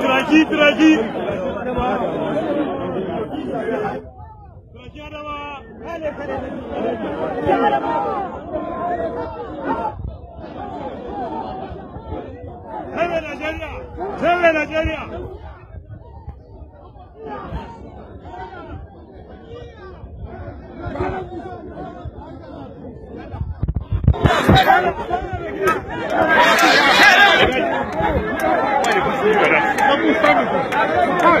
Piraci, piraci. Save Nigeria! Save Nigeria! Vamos, vamos. Vai.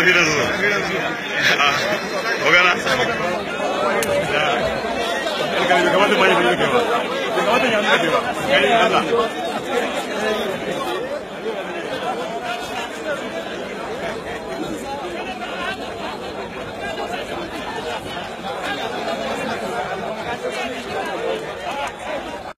evidence हो होगा ना कमाते मजे मजे के बाद कमाते जानते के बाद